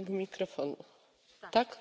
mikrofonu. tak?